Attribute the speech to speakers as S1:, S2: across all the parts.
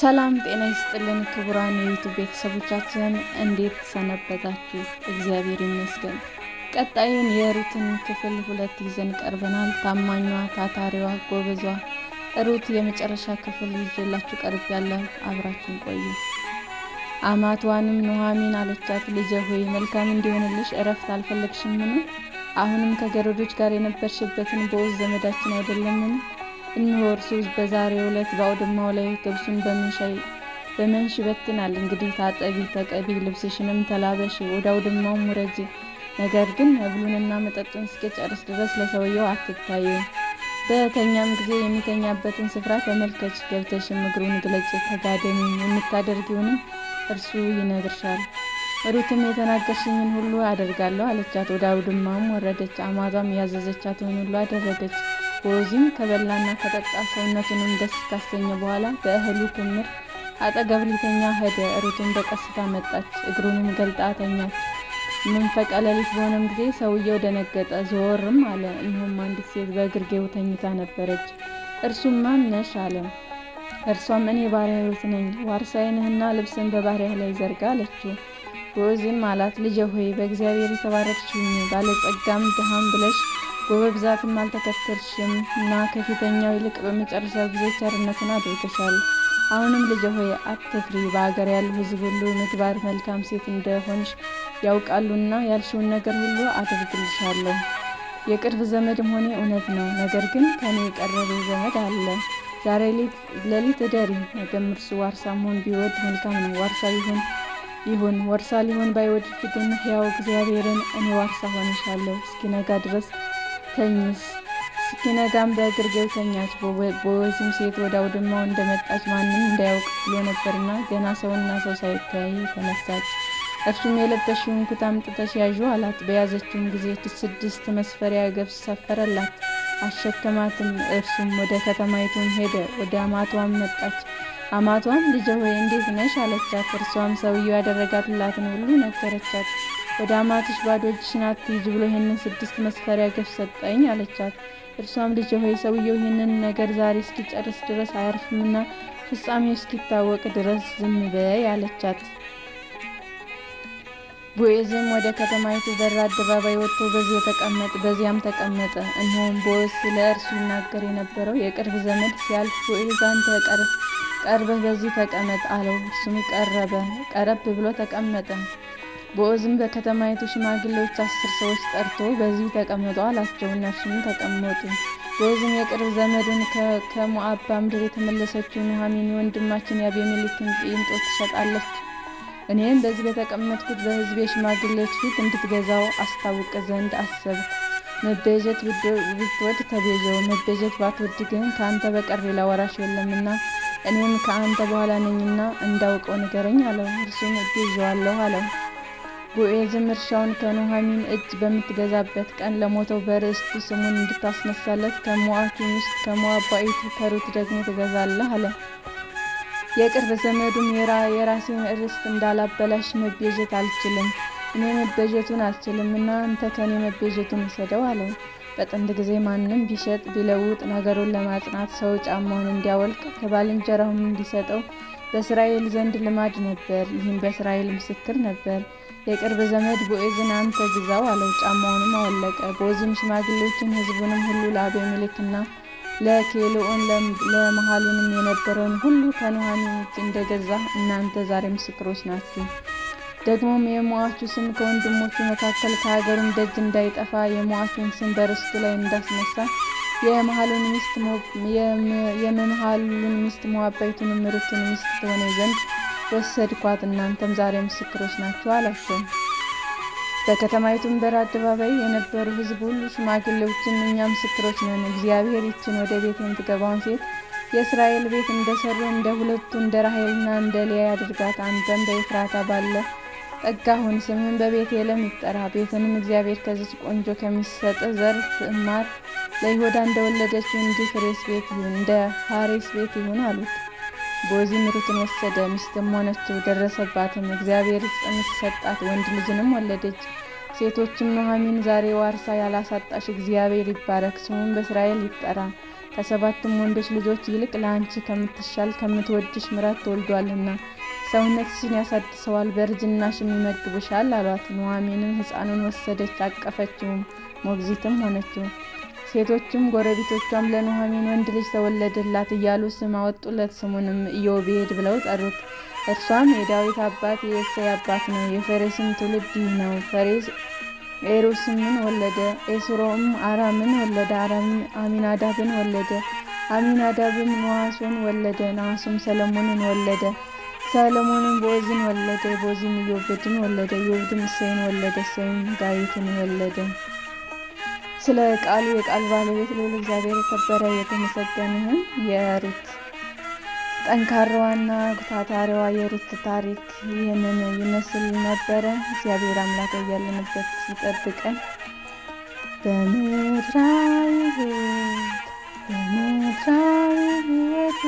S1: ሰላም ጤና ይስጥልን ክቡራን የዩቱብ ቤተሰቦቻችን እንዴት ሰነበታችሁ? እግዚአብሔር ይመስገን። ቀጣዩን የሩትን ክፍል ሁለት ይዘን ቀርበናል። ታማኟ፣ ታታሪዋ፣ ጎበዟ ሩት የመጨረሻ ክፍል ይዤላችሁ ቀርብ ያለ አብራችን ቆዩ። አማትዋንም ኑኃሚን አለቻት፣ ልጄ ሆይ መልካም እንዲሆንልሽ እረፍት አልፈለግሽምን? አሁንም ከገረዶች ጋር የነበርሽበትን ቦዔዝ ዘመዳችን አይደለምን? እነሆ እርሱ በዛሬ ዕለት በአውድማው ላይ ግብሱን በመንሽ ይበትናል። እንግዲህ ታጠቢ፣ ተቀቢ፣ ልብስሽንም ተላበሽ፣ ወደ አውድማውም ውረጅ። ነገር ግን መብሉንና መጠጡን እስኪጨርስ ድረስ ለሰውየው አትታዩ። በተኛም ጊዜ የሚተኛበትን ስፍራ ተመልከች፣ ገብተሽ እግሩን ግለጭ፣ ተጋደሚ፣ የምታደርጊውንም እርሱ ይነግርሻል። ሩትም የተናገርሽኝን ሁሉ አደርጋለሁ አለቻት። ወደ አውድማውም ወረደች፣ አማቷም ያዘዘቻትን ሁሉ አደረገች። ቦዚም ከበላና ከጠጣ ሰውነቱንም ደስ ካሰኘ በኋላ በእህሉ ክምር አጠገብ ሊተኛ ሄደ። ሩትም በቀስታ መጣች፣ እግሩንም ገልጣ ተኛች። መንፈቀ ሌሊት በሆነም ጊዜ ሰውየው ደነገጠ፣ ዘወርም አለ። እነሆም አንዲት ሴት በእግርጌው ተኝታ ነበረች። እርሱም ማን ነሽ አለ። እርሷም እኔ ባሪያ ሩት ነኝ፣ ዋርሳዬ ነህና ልብስን በባሪያ ላይ ዘርጋ አለችው። ቦዚም አላት፣ ልጄ ሆይ በእግዚአብሔር የተባረክሽ ሁኚ፣ ባለጸጋም ድሃም ብለሽ በብዛትም አልተከተልሽም እና ከፊተኛው ይልቅ በመጨረሻው ጊዜ ቸርነትን አድርገሻል። አሁንም ልጅ ሆይ አትፍሪ፣ በሀገር ያሉ ሕዝብ ሁሉ ምግባር መልካም ሴት እንደሆንሽ ያውቃሉና ያልሽውን ነገር ሁሉ አደርግልሻለሁ። የቅርብ ዘመድም ሆኔ እውነት ነው። ነገር ግን ከኔ የቀረበ ዘመድ አለ። ዛሬ ሌሊት እደሪ፣ ነገም እርሱ ዋርሳ መሆን ቢወድ መልካም ነው። ዋርሳ ይሁን ይሁን ወርሳ ሊሆን ባይወድድ ግን ሕያው እግዚአብሔርን እኔ ዋርሳ ሆንሻለሁ እስኪነጋ ድረስ ተኝስ እስኪነጋም በእግርጌው ተኛች። ቦዔዝም ሴት ወደ አውድማው እንደመጣች ማንም እንዳያውቅ ብሎ ነበርና ገና ሰውና ሰው ሳይተያይ ተነሳች። እርሱም የለበሽውን ኩታ አምጥተሽ ያዡ አላት። በያዘችውም ጊዜ ስድስት መስፈሪያ ገብስ ሰፈረላት፣ አሸከማትም። እርሱም ወደ ከተማይቱን ሄደ። ወደ አማቷም መጣች። አማቷም ልጄ ሆይ እንዴት ነሽ አለቻት። እርሷም ሰውየው ያደረጋትላትን ሁሉ ነገረቻት። ወደ አማትሽ ባዶ እጅሽን አትሂጂ ብሎ ይህንን ስድስት መስፈሪያ ገብስ ሰጠኝ አለቻት። እርሷም ልጅ ሆይ ሰውየው ይህንን ነገር ዛሬ እስኪጨርስ ድረስ አያርፍምና ፍጻሜ እስኪታወቅ ድረስ ዝም በይ አለቻት። ቦዔዝም ወደ ከተማይቱ በር አደባባይ ወጥቶ በዚህ ተቀመጠ በዚያም ተቀመጠ። እነሆም ቦዔዝ ስለ እርሱ ይናገር የነበረው የቅርብ ዘመድ ሲያልፍ ቡኤዛን አንተ ቀርበህ በዚህ ተቀመጥ አለው። እርሱም ቀረበ ቀረብ ብሎ ተቀመጠ። ቦዔዝም በከተማይቱ ሽማግሌዎች አስር ሰዎች ጠርቶ በዚህ ተቀመጡ አላቸው። እነርሱም ተቀመጡ። ቦዔዝም የቅርብ ዘመዱን ከሞአባ ምድር የተመለሰችውን ኑኃሚን የወንድማችን የአቤሜሌክን ቅይንጦ ትሸጣለች፣ እኔም በዚህ በተቀመጥኩት በሕዝቤ ሽማግሌዎች ፊት እንድትገዛው አስታውቅ ዘንድ አሰብ መቤዠት ብትወድ ተቤዠው፣ መቤዠት ባትወድ ግን ከአንተ በቀር ሌላ ወራሽ የለምና እኔም ከአንተ በኋላ ነኝና እንዳውቀው ንገረኝ አለው። እርሱም እቤዠዋለሁ አለው። ቦዔዝም እርሻውን ከኑኃሚን እጅ በምትገዛበት ቀን ለሞተው በርስቱ ስሙን እንድታስነሳለት ከሞዓቱ ሚስት ከሞዓባዊቱ ከሩት ደግሞ ትገዛለህ አለ። የቅርብ ዘመዱም የራሴን ርስት እንዳላበላሽ መቤዠት አልችልም፣ እኔ መቤዠቱን አልችልም እና አንተ ከእኔ መቤዠቱን ውሰደው አለው። በጥንት ጊዜ ማንም ቢሸጥ ቢለውጥ ነገሩን ለማጽናት ሰው ጫማውን እንዲያወልቅ ከባልንጀራውም እንዲሰጠው በእስራኤል ዘንድ ልማድ ነበር። ይህም በእስራኤል ምስክር ነበር። የቅርብ ዘመድ ቦዔዝን አንተ ግዛው አለው። ጫማውንም አወለቀ። ቦዔዝም ሽማግሌዎችን ሕዝቡንም ሁሉ ለአቤሜሌክና ለኬልኦን ለመሃሉንም የነበረውን ሁሉ ከኑኃሚን እጅ እንደገዛ እናንተ ዛሬ ምስክሮች ናችሁ። ደግሞም የሟቹ ስም ከወንድሞቹ መካከል ከሀገሩም ደጅ እንዳይጠፋ የሟቹን ስም በርስቱ ላይ እንዳስነሳ የመሐሉን ሚስት የመምሐሉን ሚስት ሞዓባይቱንም ሩትን ሚስት ትሆነ ዘንድ ወሰድኳት፣ እናንተም ዛሬ ምስክሮች ናችሁ አላቸው። በከተማይቱም በር አደባባይ የነበሩ ሕዝብ ሁሉ ሽማግሌዎችን፣ እኛ ምስክሮች ነን፣ እግዚአብሔር ይችን ወደ ቤት የምትገባውን ሴት የእስራኤል ቤት እንደሰሩ እንደ ሁለቱ እንደ ራሄልና እንደ ሊያ ያድርጋት። አንተም በኤፍራታ ባለ ጠጋ ሁን፣ ስምህን በቤቴልም ይጠራ። ቤትንም እግዚአብሔር ከዚች ቆንጆ ከሚሰጥ ዘር ትማር ለይሁዳ እንደወለደችው እንዲህ ፋሬስ ቤት ይሁን እንደ ፋሬስ ቤት ይሁን አሉት። ቦዚም ሩትን ወሰደ፣ ሚስትም ሆነችው፣ ደረሰባትም። እግዚአብሔር ጽንስ ሰጣት፣ ወንድ ልጅንም ወለደች። ሴቶችም ኑኃሚን ዛሬ ዋርሳ ያላሳጣሽ እግዚአብሔር ይባረክ፣ ስሙም በእስራኤል ይጠራ፣ ከሰባትም ወንዶች ልጆች ይልቅ ለአንቺ ከምትሻል ከምትወድሽ ምራት ተወልዷልና ሰውነትሽን ያሳድሰዋል፣ በእርጅናሽም ይመግብሻል አሏት። ኑኃሚንም ሕፃኑን ወሰደች፣ አቀፈችውም፣ ሞግዚትም ሆነችው። ሴቶችም ጎረቤቶቿም ለኑኃሚን ወንድ ልጅ ተወለደላት እያሉ ስም አወጡለት። ስሙንም ኢዮቤድ ብለው ጠሩት። እርሷም የዳዊት አባት የእሴይ አባት ነው። የፈሬስም ትውልድ ይህ ነው። ፈሬስ ኤሩስምን ወለደ። ኤስሮም አራምን ወለደ። አራም አሚናዳብን ወለደ። አሚናዳብም ነዋሶን ወለደ። ነዋሱም ሰለሞንን ወለደ። ሰለሞንም ቦዝን ወለደ። ቦዝም ኢዮቤድን ወለደ። ኢዮቤድም እሴይን ወለደ። እሴይም ዳዊትን ወለደ። ስለ ቃሉ የቃል ባለቤት ልዑል እግዚአብሔር የከበረ የተመሰገነ ይሁን። የሩት ጠንካራዋና ታታሪዋ የሩት ታሪክ ይህንን ይመስል ነበረ። እግዚአብሔር አምላክ ያለንበት ይጠብቀን። በምድራዊ ሕይወት በምድራዊ ሕይወት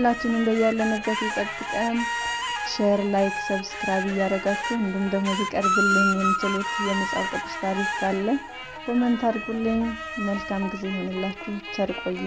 S1: ሁላችንም በያለንበት ይጠብቀን። ሼር፣ ላይክ፣ ሰብስክራይብ እያደረጋችሁ እንዲሁም ደግሞ ሊቀርብልኝ የምችሉት የመጽሐፍ ቅዱስ ታሪክ ካለ ኮመንት አድርጉልኝ። መልካም ጊዜ ይሆንላችሁ። ቸር ቆዩ።